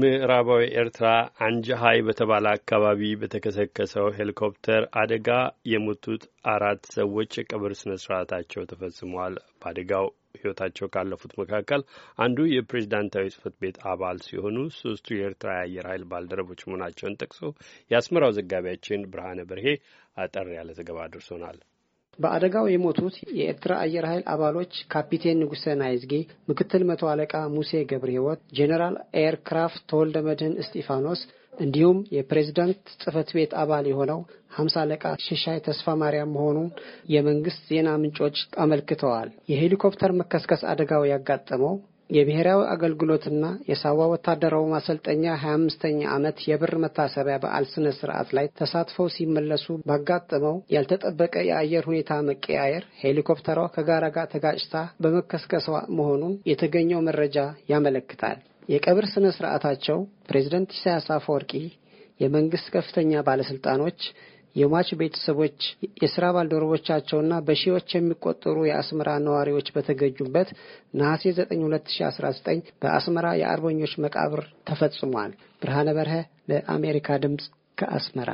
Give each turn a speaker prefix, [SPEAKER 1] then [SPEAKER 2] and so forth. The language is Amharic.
[SPEAKER 1] ምዕራባዊ ኤርትራ አንጃሃይ በተባለ አካባቢ በተከሰከሰው ሄሊኮፕተር አደጋ የሞቱት አራት ሰዎች የቀብር ስነ ስርዓታቸው ተፈጽመዋል። በአደጋው ሕይወታቸው ካለፉት መካከል አንዱ የፕሬዚዳንታዊ ጽህፈት ቤት አባል ሲሆኑ ሶስቱ የኤርትራ የአየር ኃይል ባልደረቦች መሆናቸውን ጠቅሶ የአስመራው ዘጋቢያችን ብርሃነ በርሄ አጠር ያለ ዘገባ አድርሶናል።
[SPEAKER 2] በአደጋው የሞቱት የኤርትራ አየር ኃይል አባሎች ካፒቴን ንጉሰ ናይዝጌ፣ ምክትል መቶ አለቃ ሙሴ ገብረ ህይወት ጄኔራል ኤርክራፍት ተወልደ መድህን እስጢፋኖስ እንዲሁም የፕሬዝዳንት ጽህፈት ቤት አባል የሆነው ሀምሳ አለቃ ሽሻይ ተስፋ ማርያም መሆኑን የመንግስት ዜና ምንጮች አመልክተዋል። የሄሊኮፕተር መከስከስ አደጋው ያጋጠመው የብሔራዊ አገልግሎትና የሳዋ ወታደራዊ ማሰልጠኛ 25ኛ ዓመት የብር መታሰቢያ በዓል ስነ ስርዓት ላይ ተሳትፈው ሲመለሱ ባጋጠመው ያልተጠበቀ የአየር ሁኔታ መቀያየር ሄሊኮፕተሯ ከጋራ ጋር ተጋጭታ በመከስከሷ መሆኑን የተገኘው መረጃ ያመለክታል። የቀብር ስነ ስርዓታቸው ፕሬዝደንት ኢሳያስ አፈወርቂ፣ የመንግስት ከፍተኛ ባለስልጣኖች የሟች ቤተሰቦች የስራ ባልደረቦቻቸውና በሺዎች የሚቆጠሩ የአስመራ ነዋሪዎች በተገኙበት ነሐሴ 9 2019 በአስመራ የአርበኞች መቃብር ተፈጽሟል። ብርሃነ በርሀ ለአሜሪካ ድምፅ ከአስመራ